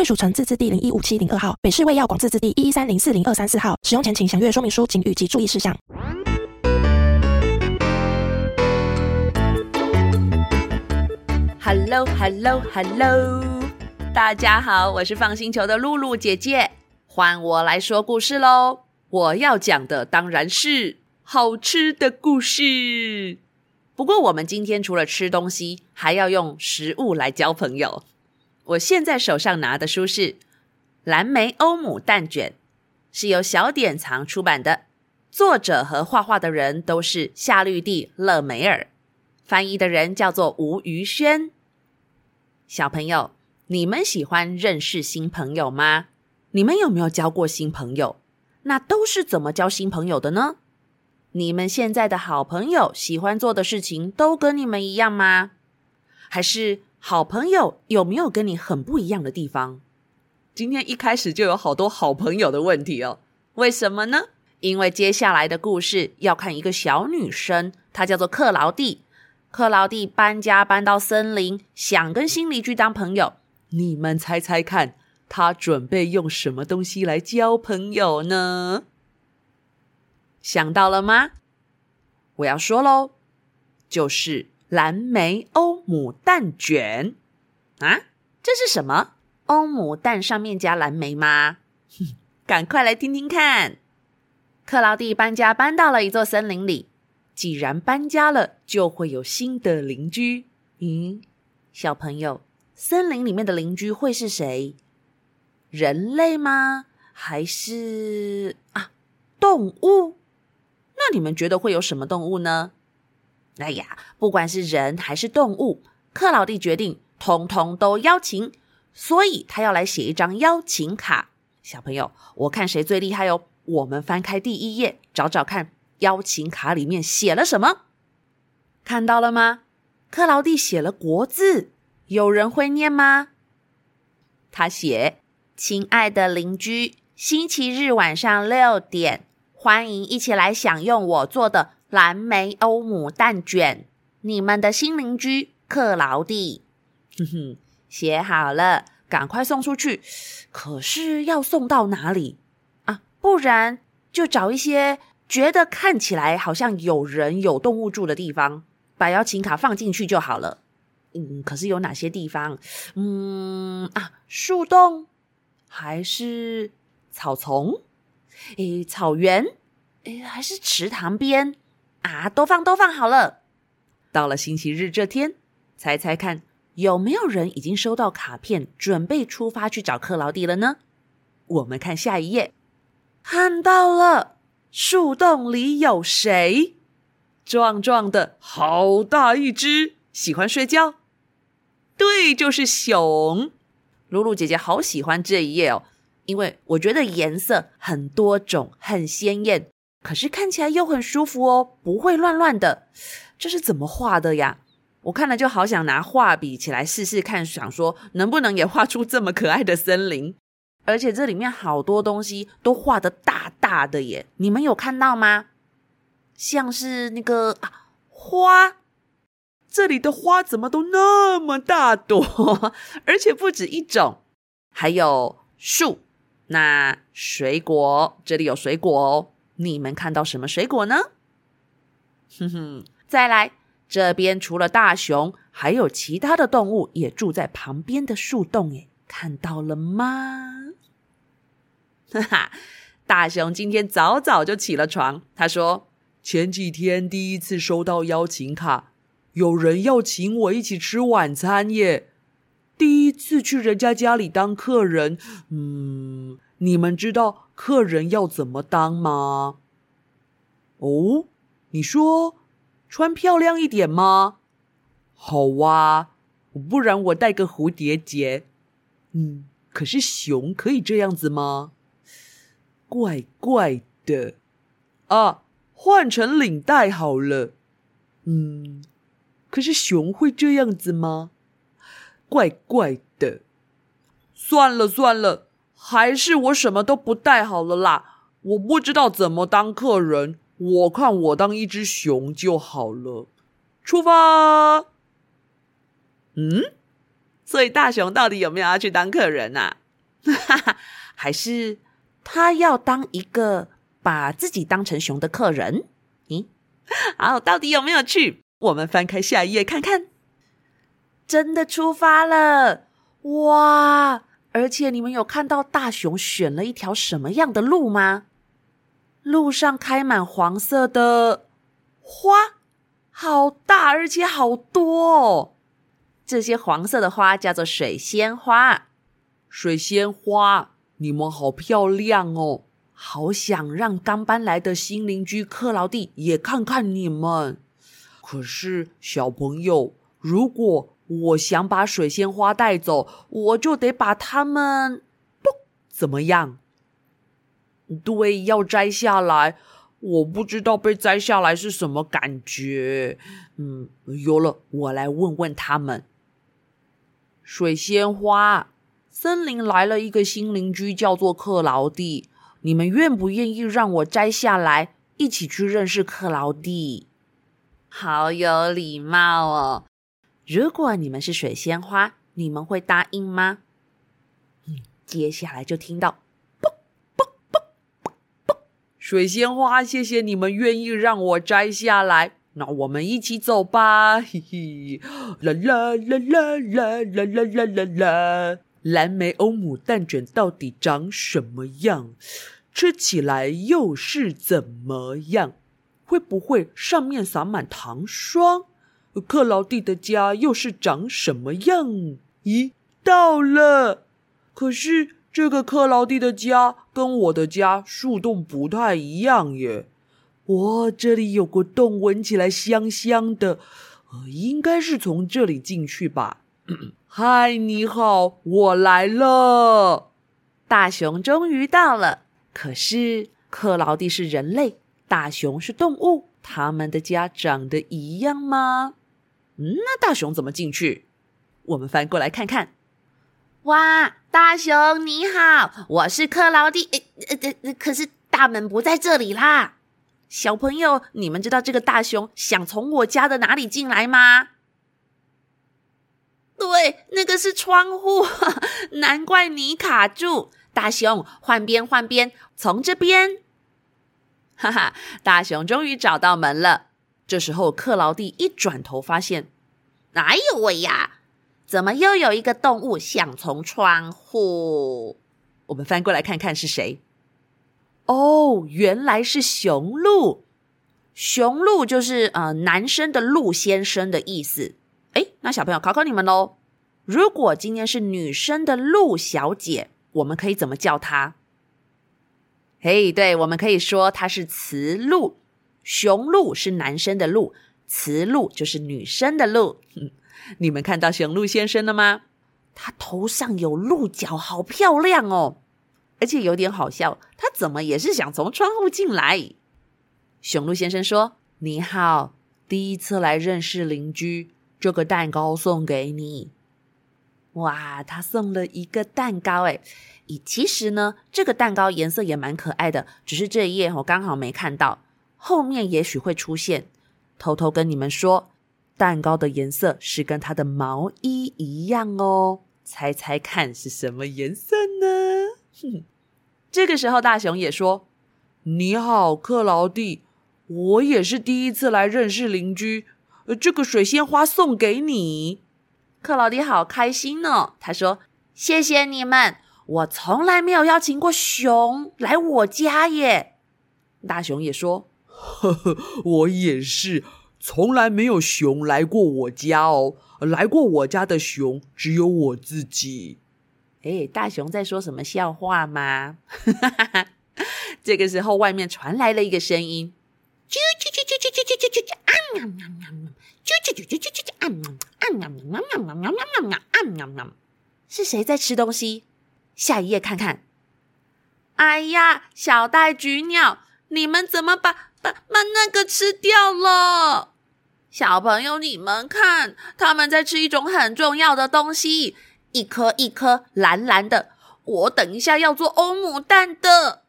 貴屬城自制第零一五七零二號，北市衛藥廣自制第一一三零四零二三四號。使用前請詳閱說明書警語及注意事項。Hello Hello Hello，大家好，我是放星球的露露姐姐，換我來說故事嘍。我要講的當然是好吃的故事。不過我們今天除了吃東西，還要用食物來交朋友。我現在手上拿的書是《藍莓歐姆蛋捲》，是由小典藏出版的，作者和畫畫的人都是夏綠蒂·勒梅爾，翻譯的人叫做吳愉萱。小朋友，你們喜歡認識新朋友嗎？你們有沒有交過新朋友？那都是怎麼交新朋友的呢？你們現在的好朋友喜歡做的事情都跟你們一樣嗎？還是？好朋友有沒有跟你很不一樣的地方？今天一開始就有好多好朋友的問題哦。為什麼呢？因為接下來的故事要看一個小女生，她叫做克勞蒂。克勞蒂搬家搬到森林，想跟新鄰居當朋友。你們猜猜看，她準備用什麼東西來交朋友呢？想到了嗎？我要說嘍，就是。藍莓歐姆蛋捲啊，這是什麼？歐姆蛋上面加藍莓嗎？ 趕快來聽聽看。克勞蒂搬家搬到了一座森林裡，既然搬家了，就會有新的鄰居。嗯，小朋友，森林裡面的鄰居會是誰？人類嗎？還是啊，動物？那你們覺得會有什麼動物呢？哎呀，不管是人還是動物，克勞蒂決定通通都邀請，所以他要來寫一張邀請卡。小朋友，我看誰最厲害哦！我們翻開第一頁，找找看邀請卡裡面寫了什麼。看到了嗎？克勞蒂寫了國字，有人會念嗎？他寫：“親愛的鄰居，星期日晚上六點，歡迎一起來享用我做的。”藍莓歐姆蛋捲。你們的新鄰居克勞蒂，哼哼，寫好了，趕快送出去。可是要送到哪裡啊？不然就找一些覺得看起來好像有人有動物住的地方，把邀請卡放進去就好了。嗯，可是有哪些地方？嗯啊，樹洞還是草叢？誒，草原？誒，還是池塘邊？啊，都放都放好了。到了星期日這天，猜猜看有沒有人已經收到卡片，準備出發去找克勞蒂了呢？我們看下一頁，看到了樹洞裡有誰？壯壯的好大一隻，喜歡睡覺。對，就是熊。露露姐姐好喜歡這一頁哦，因為我覺得顏色很多種，很鮮豔。可是看起來又很舒服哦，不會亂亂的。這是怎麼畫的呀？我看了就好想拿畫筆起來試試看，想說能不能也畫出這麼可愛的森林。而且這裡面好多東西都畫得大大的耶，你們有看到嗎？像是那個啊花，這裡的花怎麼都那麼大朵，而且不止一種，還有樹。那水果，這裡有水果哦。你們看到什麼水果呢？哼哼，再來，這邊除了大熊，還有其他的動物也住在旁邊的樹洞耶，看到了嗎？哈哈，大熊今天早早就起了床，他說，前幾天第一次收到邀請卡，有人要請我一起吃晚餐耶，第一次去人家家裡當客人，嗯。你們知道客人要怎麼當嗎？哦，你說穿漂亮一點嗎？好哇，不然我戴個蝴蝶結。嗯，可是熊可以這樣子嗎？怪怪的。啊，換成領帶好了。嗯，可是熊會這樣子嗎？怪怪的。算了算了。還是我什麼都不帶好了啦！我不知道怎麼當客人，我看我當一隻熊就好了。出發！嗯，所以大熊到底有沒有要去當客人吶、啊？哈哈，還是他要當一個把自己當成熊的客人？咦、嗯，好，到底有沒有去？我們翻開下一頁看看，真的出發了！哇！而且你們有看到大熊選了一條什麼樣的路嗎？路上開滿黃色的花，好大而且好多哦。這些黃色的花叫做水仙花。水仙花，你們好漂亮哦！好想讓剛搬來的新鄰居克勞蒂也看看你們。可是小朋友，如果。我想把水仙花帶走，我就得把它們不怎麼樣？對，要摘下來。我不知道被摘下來是什麼感覺。嗯，有了，我來問問他們。水仙花，森林來了一個新鄰居，叫做克勞蒂。你們願不願意讓我摘下來，一起去認識克勞蒂？好有禮貌哦。如果你們是水仙花，你們會答應嗎？嗯，接下來就聽到，啵啵啵啵，水仙花，謝謝你們願意讓我摘下來，那我們一起走吧，嘿嘿，啦啦啦啦啦啦啦啦啦啦，藍莓歐姆蛋捲到底長什麼樣？吃起來又是怎麼樣？會不會上面撒滿糖霜？克勞蒂的家又是長什麼樣？咦，到了！可是這個克勞蒂的家跟我的家樹洞不太一樣耶。我、哦、這裡有個洞，聞起來香香的、呃，應該是從這裡進去吧。咳咳。嗨，Hi, 你好，我來了。大熊終於到了。可是克勞蒂是人類，大熊是動物，他們的家長得一樣嗎？嗯，那大熊怎麼進去？我們翻過來看看。哇，大熊你好，我是克勞蒂。呃呃呃，可是大門不在這裡啦。小朋友，你們知道這個大熊想從我家的哪裡進來嗎？對，那個是窗戶，呵呵，難怪你卡住。大熊，換邊，換邊，從這邊。哈哈，大熊終於找到門了。這時候，克勞蒂一轉頭，發現哪有我呀？怎麼又有一個動物想從窗戶？我們翻過來看看是誰？哦，原來是雄鹿。雄鹿就是呃男生的鹿先生的意思。誒，那小朋友考考你們嘍：如果今天是女生的鹿小姐，我們可以怎麼叫她？嘿，對，我們可以說她是雌鹿。雄鹿是男生的鹿，雌鹿就是女生的鹿。嗯，你們看到雄鹿先生了嗎？他頭上有鹿角，好漂亮哦！而且有點好笑，他怎麼也是想從窗戶進來？雄鹿先生說：“你好，第一次來認識鄰居，這個蛋糕送給你。”哇，他送了一個蛋糕，哎，咦，其實呢，這個蛋糕顏色也蠻可愛的，只是這一頁我剛好沒看到。後面也許會出現，偷偷跟你們說，蛋糕的顏色是跟它的毛衣一樣哦，猜猜看是什麼顏色呢？哼、嗯，這個時候大熊也說：“你好，克勞蒂，我也是第一次來認識鄰居，呃，這個水仙花送給你。”克勞蒂好開心哦，他說：“謝謝你們，我從來沒有邀請過熊來我家耶。”大熊也說。呵呵， 我也是，從來沒有熊來過我家哦。來過我家的熊只有我自己。誒、哎，大熊在說什麼笑話嗎？ 這個時候，外面傳來了一個聲音：是誰在吃東西？下一頁看看。哎呀，小袋橘鳥，你們怎麼把把把那個吃掉了，小朋友，你們看，他們在吃一種很重要的東西，一顆一顆藍藍的。我等一下要做歐姆蛋的，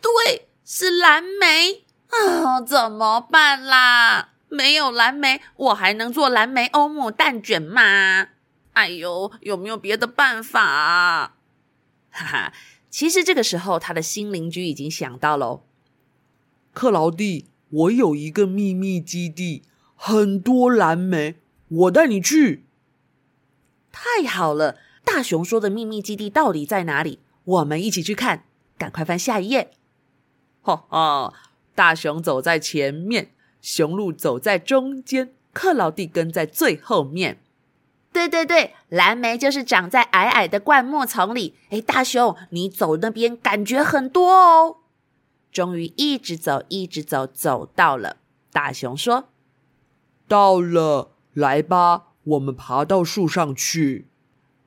對，是藍莓啊！怎麼辦啦？沒有藍莓，我還能做藍莓歐姆蛋捲嗎？哎喲，有沒有別的辦法啊？哈哈，其實這個時候，他的新鄰居已經想到了。克勞蒂，我有一個祕密基地，很多藍莓，我帶你去。太好了！大熊說的秘密基地到底在哪裡？我們一起去看，趕快翻下一頁。哦哦，大熊走在前面，雄鹿走在中間，克勞蒂跟在最後面。對對對，藍莓就是長在矮矮的灌木叢裡。誒，大熊，你走那邊，感覺很多哦。終於一直走，一直走，走到了。大熊說：“到了，來吧，我們爬到樹上去。”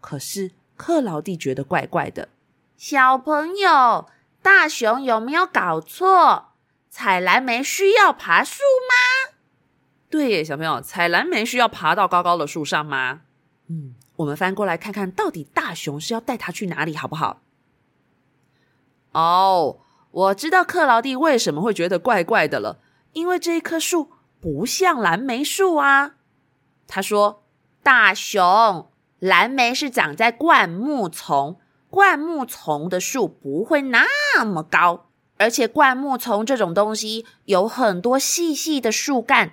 可是克勞蒂覺得怪怪的。小朋友，大熊有沒有搞錯？採藍莓需要爬樹嗎？對耶，小朋友，採藍莓需要爬到高高的樹上嗎？嗯，我們翻過來看看到底大熊是要帶他去哪裡，好不好？哦。Oh, 我知道克勞蒂為什麼會覺得怪怪的了，因為這一棵樹不像藍莓樹啊。他說：“大熊，藍莓是長在灌木叢，灌木叢的樹不會那麼高，而且灌木叢這種東西有很多細細的樹幹。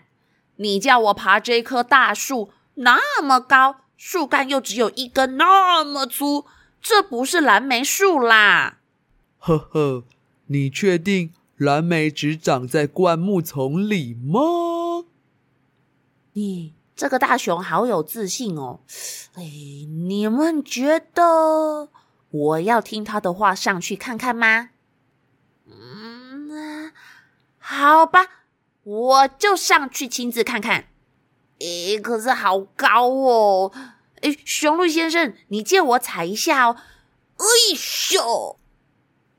你叫我爬這棵大樹，那麼高，樹幹又只有一根那麼粗，這不是藍莓樹啦。”呵呵。你確定藍莓只長在灌木叢裡嗎？你這個大熊好有自信哦！哎，你們覺得我要聽他的話上去看看嗎？嗯，好吧，我就上去親自看看。哎，可是好高哦！哎，熊鹿先生，你借我踩一下哦！哎咻。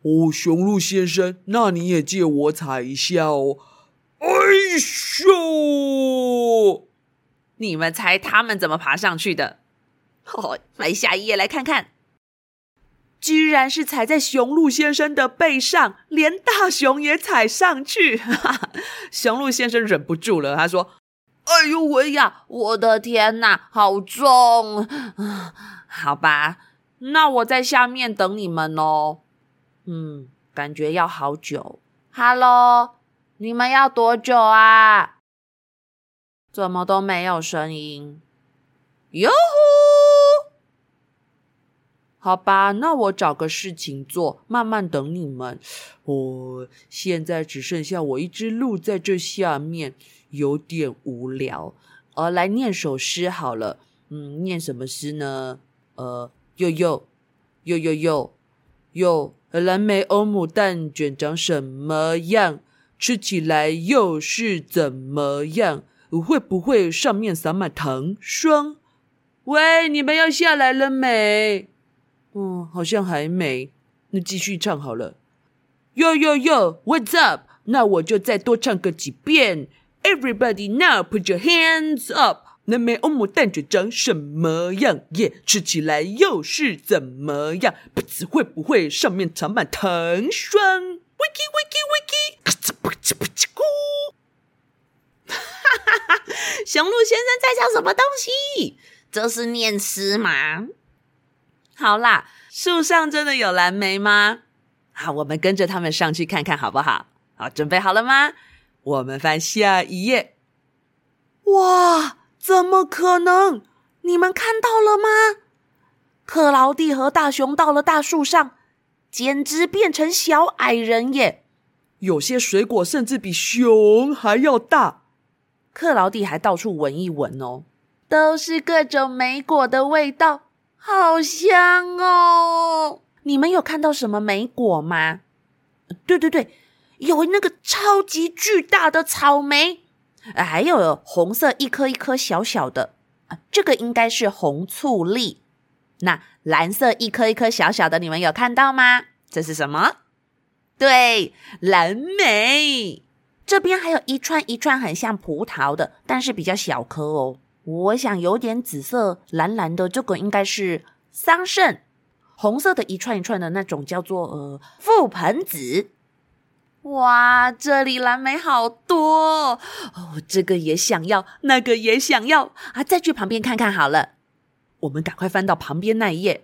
哦，雄鹿先生，那你也借我踩一下哦。哎呦！你們猜他們怎麼爬上去的？好、哦，來下一頁來看看，居然是踩在雄鹿先生的背上，連大熊也踩上去。雄 鹿先生忍不住了，他說：“哎呦喂呀，我的天哪、啊，好重啊！ 好吧，那我在下面等你們哦。”嗯，感覺要好久。Hello，你們要多久啊？怎麼都沒有聲音？喲呼，好吧，那我找個事情做，慢慢等你們。我、哦、現在只剩下我一隻鹿在這下面，有點無聊。呃、哦，來念首詩好了。嗯，念什麼詩呢？呃，呦呦呦呦呦呦。藍莓歐姆蛋卷長什麼樣？吃起來又是怎麼樣？會不會上面撒滿糖霜？喂，你們要下來了沒？嗯、哦，好像還沒。那繼續唱好了。Yo yo yo，What's up？ 那我就再多唱個幾遍。Everybody now put your hands up。藍莓歐姆蛋捲長什麼樣？耶，yeah，吃起來又是怎麼樣？不知會不會上面藏滿糖霜？Wiki Wiki Wiki，不吃不吃不吃哭！哈哈哈！熊鹿先生在講什麼東西？這是念詩嗎？好啦，樹上真的有藍莓嗎？好，我們跟着他們上去看看好不好？好，準備好了嗎？我們翻下一頁。哇！怎麼可能？你們看到了嗎？克勞蒂和大熊到了大樹上，簡直變成小矮人耶！有些水果甚至比熊還要大。克勞蒂還到處聞一聞哦，都是各種莓果的味道，好香哦！你們有看到什麼莓果嗎？呃，對對對，有那個超級巨大的草莓。還有紅色一顆一顆小小的，這個應該是紅醋栗。那藍色一顆一顆小小的，你們有看到嗎？這是什麼？對，藍莓。這邊還有一串一串很像葡萄的，但是比較小顆哦。我想有點紫色，藍藍的，這個應該是桑葚。紅色的一串一串的那種叫做呃覆盆子。哇，這裡藍莓好多哦！這個也想要，那個也想要啊！再去旁邊看看好了。我們趕快翻到旁邊那一頁，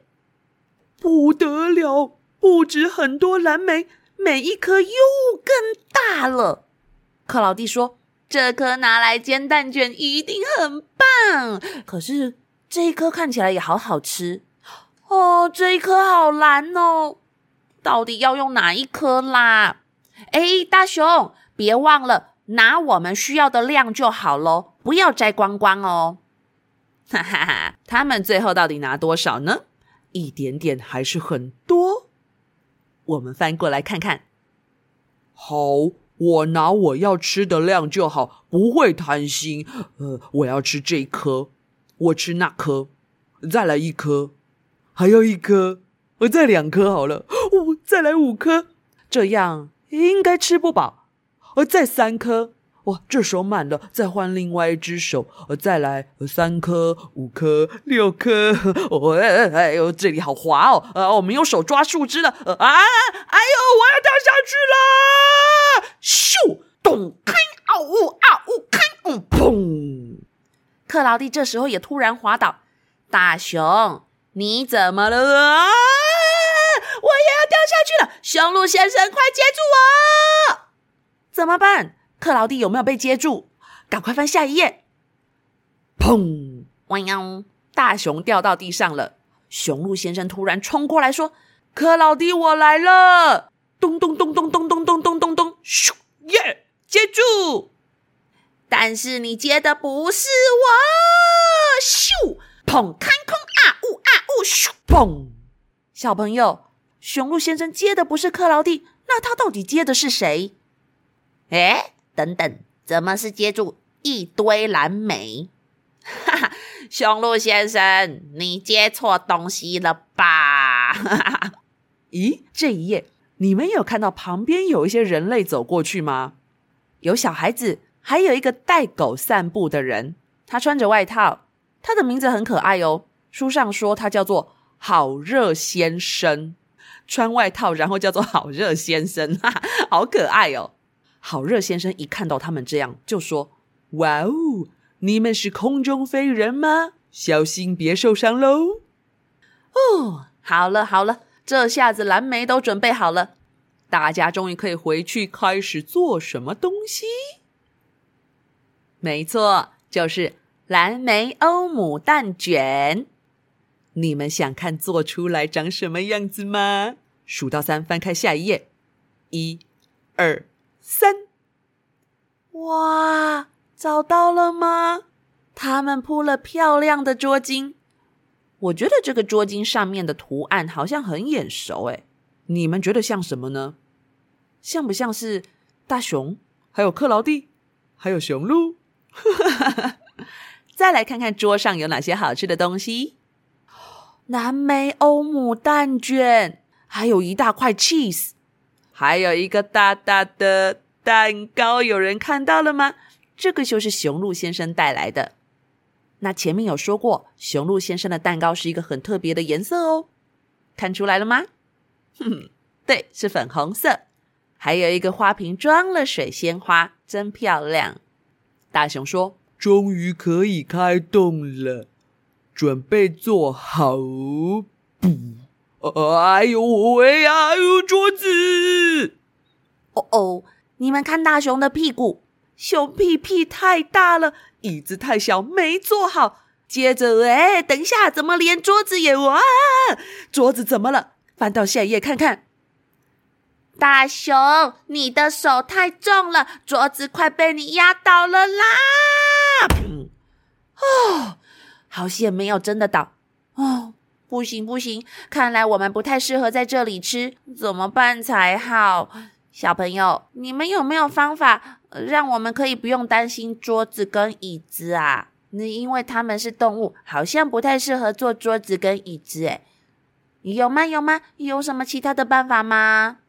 不得了，不止很多藍莓，每一顆又更大了。克勞蒂說：“這顆拿來煎蛋卷一定很棒。”可是這一顆看起來也好好吃哦，這一顆好藍哦，到底要用哪一顆啦？哎，大熊，別忘了拿我們需要的量就好嘍，不要摘光光哦！哈哈哈，他們最後到底拿多少呢？一點點還是很多？我們翻過來看看。好，我拿我要吃的量就好，不會貪心。呃，我要吃這顆，我吃那顆，再來一顆，還有一顆，我再兩顆好了。哦，再來五顆，這樣。應該吃不飽，呃，再三顆，哇，這手滿了，再換另外一只手，呃，再來，三顆、五顆、六顆，哦、哎哎喲這裡好滑哦，啊，我們用手抓樹枝了，啊，哎喲我要掉下去了，咻，咚，吭，啊，嗚，啊，嗚，吭，砰，克勞蒂這時候也突然滑倒，大熊，你怎麼了？下去了，雄鹿先生，快接住我！怎麼辦？克勞蒂有沒有被接住？趕快翻下一頁。砰！汪！大熊掉到地上了。雄鹿先生突然衝過來說：“克勞蒂，我來了！”咚咚咚咚咚咚咚咚咚咚！咻耶！接住！但是你接的不是我！咻！砰！看空啊嗚啊嗚！咻！砰！小朋友。雄鹿先生接的不是克勞蒂，那他到底接的是誰？哎，等等，怎麼是接住一堆藍莓？哈哈，雄鹿先生，你接錯東西了吧？ 咦，這一頁你們有看到旁邊有一些人類走過去嗎？有小孩子，還有一個帶狗散步的人，他穿着外套，他的名字很可愛哦。書上說他叫做好熱先生。穿外套，然後叫做好熱先生哈哈，好可愛哦！好熱先生一看到他們這樣，就說：“哇哦，你們是空中飛人嗎？小心別受傷嘍！”哦，好了好了，這下子藍莓都準備好了，大家終於可以回去開始做什麼東西？沒錯，就是藍莓歐姆蛋卷。你們想看做出來長什麼樣子嗎？數到三，翻開下一頁，一、二、三。哇，找到了嗎？他們鋪了漂亮的桌巾。我覺得這個桌巾上面的圖案好像很眼熟，誒，你們覺得像什麼呢？像不像是大熊？還有克勞蒂，還有雄鹿？ 再來看看桌上有哪些好吃的東西。藍莓歐姆蛋捲，還有一大塊 cheese，還有一個大大的蛋糕，有人看到了嗎？這個就是雄鹿先生帶來的。那前面有說過，雄鹿先生的蛋糕是一個很特別的顏色哦，看出來了嗎？哼哼，對，是粉紅色。還有一個花瓶裝了水仙花，真漂亮。大熊說：“終於可以開動了。”準備坐好，不，哎呦喂呀！哎呦，桌子，哦哦，你們看大熊的屁股，熊屁屁太大了，椅子太小，沒坐好。接着，哎，等一下，怎麼連桌子也完？桌子怎麼了？翻到下一頁看看。大熊，你的手太重了，桌子快被你壓倒了啦！哦、嗯。好像沒有真的倒哦！不行不行，看來我們不太適合在這裡吃，怎麼辦才好？小朋友，你們有沒有方法讓我們可以不用擔心桌子跟椅子啊？那因為他們是動物，好像不太適合做桌子跟椅子哎。有嗎？有嗎？有什麼其他的辦法嗎？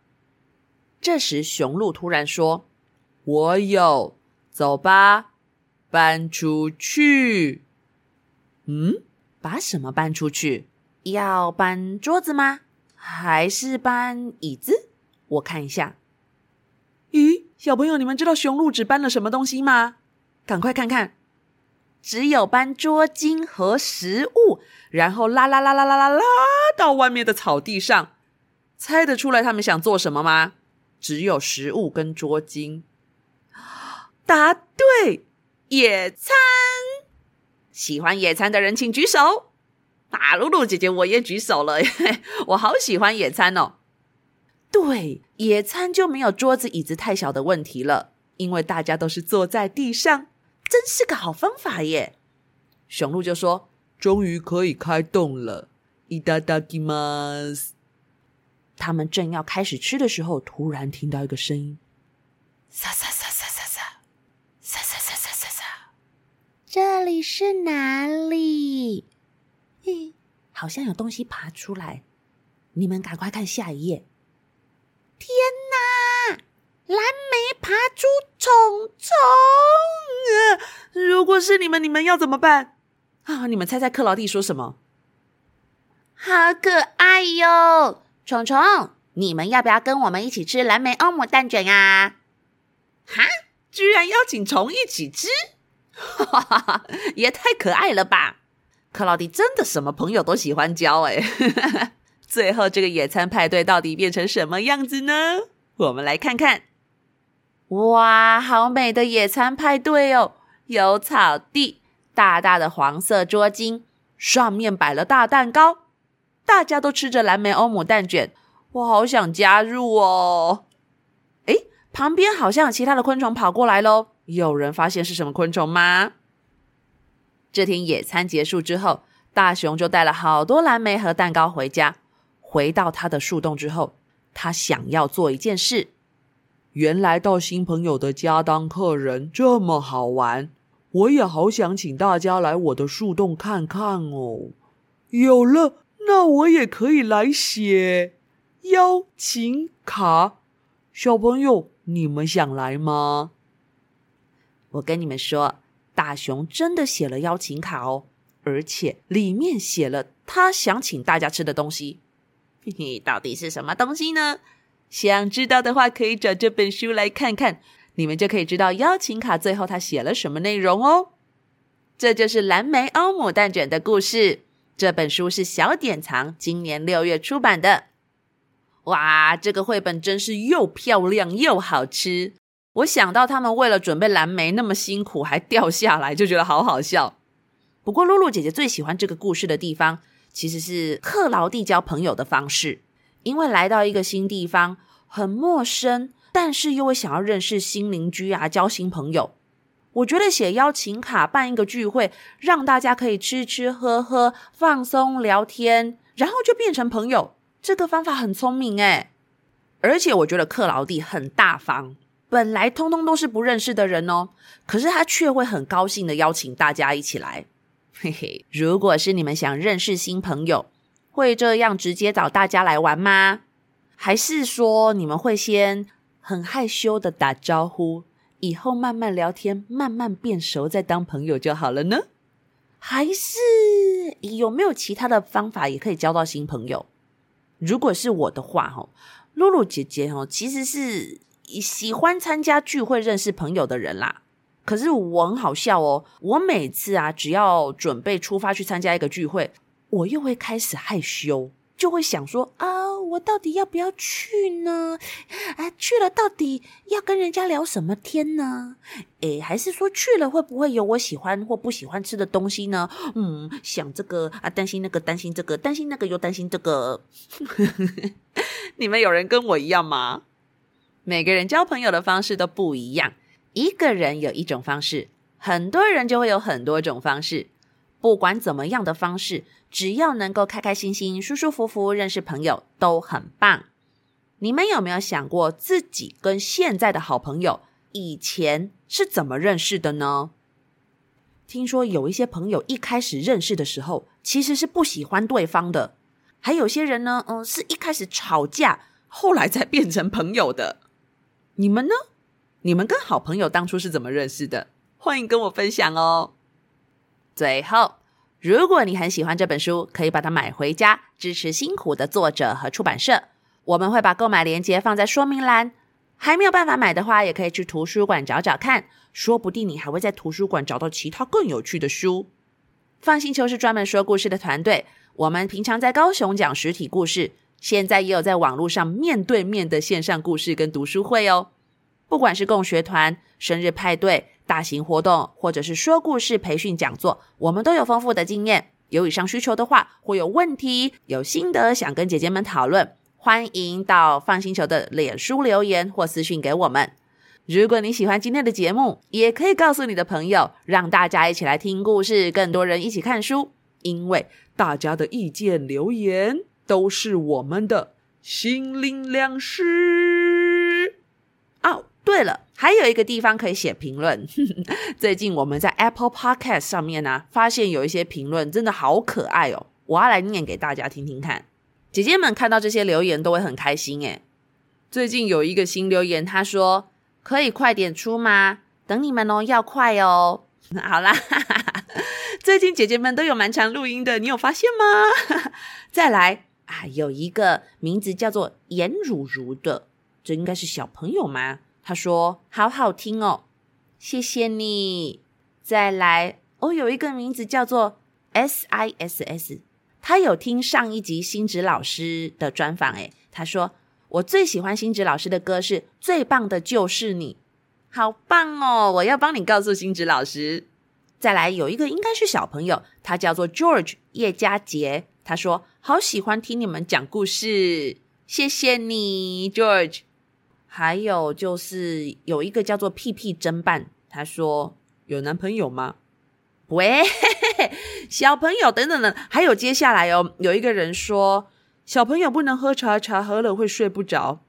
這時，雄鹿突然說：“我有，走吧，搬出去。”嗯，把什麼搬出去？要搬桌子嗎？還是搬椅子？我看一下。咦，小朋友，你們知道雄鹿只搬了什麼東西嗎？趕快看看，只有搬桌巾和食物，然後啦啦啦啦啦啦啦到外面的草地上。猜得出來他們想做什麼嗎？只有食物跟桌巾。答對，野餐。喜歡野餐的人請舉手。馬露露姐姐，我也舉手了呵呵，我好喜歡野餐哦。對，野餐就沒有桌子椅子太小的問題了，因為大家都是坐在地上，真是個好方法耶。熊鹿就說：“終於可以開動了！”伊達達吉馬斯，他們正要開始吃的時候，突然聽到一個聲音：“薩薩。”這裡是哪裡，嗯？好像有東西爬出來，你們趕快看下一頁！天哪，藍莓爬出蟲蟲，啊！如果是你們，你們要怎麼辦啊？你們猜猜克勞蒂說什麼？好可愛喲，哦，蟲蟲，你們要不要跟我們一起吃藍莓歐姆蛋卷呀？啊？哈，啊，居然邀請蟲一起吃！ 也太可愛了吧！克勞蒂真的什麼朋友都喜歡交哎。最後這個野餐派對到底變成什麼樣子呢？我們來看看。哇，好美的野餐派對哦！有草地，大大的黃色桌巾，上面擺了大蛋糕，大家都吃着藍莓歐姆蛋卷。我好想加入哦！哎，旁邊好像有其他的昆蟲跑過來嘍。有人發現是什麼昆蟲嗎？這天野餐結束之後，大熊就帶了好多藍莓和蛋糕回家。回到他的樹洞之後，他想要做一件事。原來到新朋友的家當客人這麼好玩，我也好想請大家來我的樹洞看看哦。有了，那我也可以來寫邀請卡。小朋友，你們想來嗎？我跟你們說，大熊真的寫了邀請卡哦，而且裡面寫了他想請大家吃的東西。嘿嘿，到底是什麼東西呢？想知道的話，可以找這本書來看看，你們就可以知道邀請卡最後他寫了什麼內容哦。這就是藍莓歐姆蛋捲的故事。這本書是小典藏今年六月出版的。哇，這個繪本真是又漂亮又好吃。我想到他們為了準備藍莓那麼辛苦，還掉下來，就覺得好好笑。不過露露姐姐最喜歡這個故事的地方，其實是克勞蒂交朋友的方式。因為來到一個新地方很陌生，但是又會想要認識新鄰居啊，交新朋友。我覺得寫邀請卡、辦一個聚會，讓大家可以吃吃喝喝、放鬆聊天，然後就變成朋友，這個方法很聰明誒，而且我覺得克勞蒂很大方。本來通通都是不認識的人哦，可是他卻會很高興的邀請大家一起來，嘿嘿。如果是你們想認識新朋友，會這樣直接找大家來玩嗎？還是說你們會先很害羞的打招呼，以後慢慢聊天，慢慢變熟再當朋友就好了呢？還是有沒有其他的方法也可以交到新朋友？如果是我的話，哦，露露姐姐，哦，其實是。喜歡參加聚會認識朋友的人啦，可是我很好笑哦。我每次啊，只要準備出發去參加一個聚會，我又會開始害羞，就會想說啊，我到底要不要去呢？啊，去了到底要跟人家聊什麼天呢？誒，還是說去了會不會有我喜歡或不喜歡吃的東西呢？嗯，想這個啊，擔心那個，擔心這個，擔心那個，又擔心這個。 你們有人跟我一樣嗎？每個人交朋友的方式都不一樣，一個人有一種方式，很多人就會有很多種方式。不管怎麼樣的方式，只要能夠開開心心、舒舒服服認識朋友，都很棒。你們有沒有想過自己跟現在的好朋友以前是怎麼認識的呢？聽說有一些朋友一開始認識的時候其實是不喜歡對方的，還有些人呢，嗯，是一開始吵架，後來才變成朋友的。你們呢？你們跟好朋友當初是怎麼認識的？歡迎跟我分享哦。最後，如果你很喜歡這本書，可以把它買回家，支持辛苦的作者和出版社。我們會把購買連結放在說明欄。還沒有辦法買的話，也可以去圖書館找找看，說不定你還會在圖書館找到其他更有趣的書。FUN 星球是專門說故事的團隊，我們平常在高雄講實體故事。現在也有在網絡上面對面的線上故事跟讀書會哦，不管是共學團、生日派對、大型活動，或者是說故事培訓講座，我們都有豐富的經驗。有以上需求的話，會有問題，有心得想跟姐姐們討論，歡迎到 FUN 星球的臉書留言或私訊給我們。如果你喜歡今天的節目，也可以告訴你的朋友，讓大家一起來聽故事，更多人一起看書，因為大家的意見留言都是我們的心靈糧食哦。對了，還有一個地方可以寫評論。 最近我們在 Apple Podcast 上面呢、啊，發現有一些評論真的好可愛哦。我要來念給大家聽聽看。姐姐們看到這些留言都會很開心耶。最近有一個新留言，他說：“可以快點出嗎？等你們哦，要快哦。”好啦， 最近姐姐們都有蠻常錄音的，你有發現嗎？ 再來。啊，有一個名字叫做顏汝如的，這應該是小朋友嗎？他說：“好好聽哦，謝謝你。”再來哦，有一個名字叫做 SISS，他有聽上一集欣芷老師的專訪誒，誒他說：“我最喜歡欣芷老師的歌是《最棒的就是你》，好棒哦！我要幫你告訴欣芷老師。”再來，有一個應該是小朋友，他叫做 George 葉嘉杰。他說：“好喜歡聽你們講故事，謝謝你，George。”還有就是有一個叫做屁屁偵辦，他說：“有男朋友嗎？”喂， 小朋友，等等等，還有接下來哦，有一個人說：“小朋友不能喝茶，茶喝了會睡不着。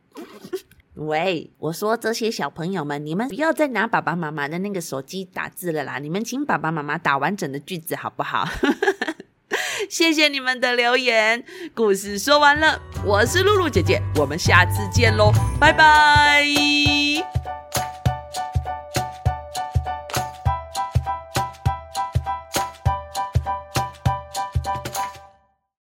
”喂，我說這些小朋友們，你們不要再拿爸爸媽媽的那個手機打字了啦，你們請爸爸媽媽打完整的句子好不好？ 謝謝你們的留言，故事說完了。我是露露姐姐，我們下次見嘍，拜拜。